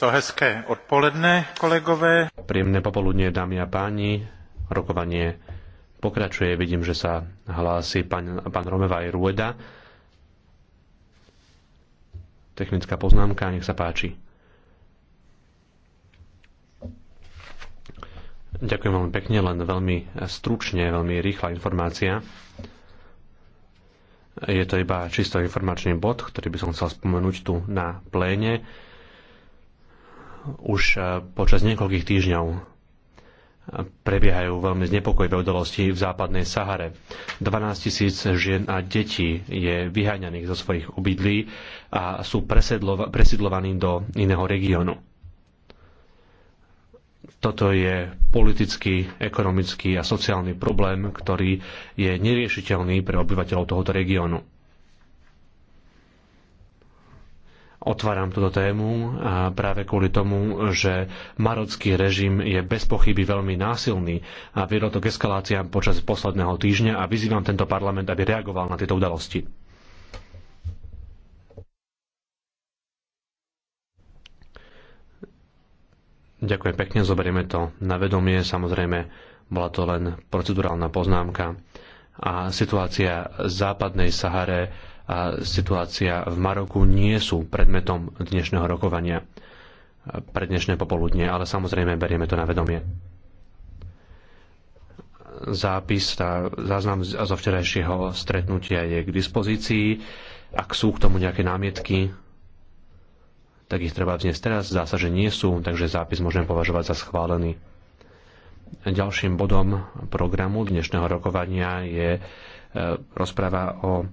So hezké odpoledne, kolegové. Príjemné popoludne, dámy a páni. Rokovanie pokračuje. Vidím, že sa hlási pán, pán Romevaj Rueda. Technická poznámka, nech sa páči. Ďakujem veľmi pekne, len veľmi stručne, veľmi rýchla informácia. Je to iba čisto informačný bod, ktorý by som chcel spomenúť tu na pléne už e, počas niekoľkých týždňov prebiehajú veľmi znepokojivé udalosti v západnej Sahare. 12 tisíc žien a detí je vyháňaných zo svojich obydlí a sú presidlovaní do iného regiónu. Toto je politický, ekonomický a sociálny problém, ktorý je neriešiteľný pre obyvateľov tohoto regiónu Otváram túto tému a práve kvôli tomu, že marocký režim je bez pochyby veľmi násilný a viedlo to k eskaláciám počas posledného týždňa a vyzývam tento parlament, aby reagoval na tieto udalosti. Ďakujem pekne, zoberieme to na vedomie. Samozrejme, bola to len procedurálna poznámka. A situácia v západnej Sahare a situácia v Maroku nie sú predmetom dnešného rokovania pre dnešné popoludne, ale samozrejme berieme to na vedomie. Zápis, tá, záznam zo včerajšieho stretnutia je k dispozícii. Ak sú k tomu nejaké námietky, tak ich treba vzniesť teraz. Zdá sa, že nie sú, takže zápis môžeme považovať za schválený. Ďalším bodom programu dnešného rokovania je e, rozpráva o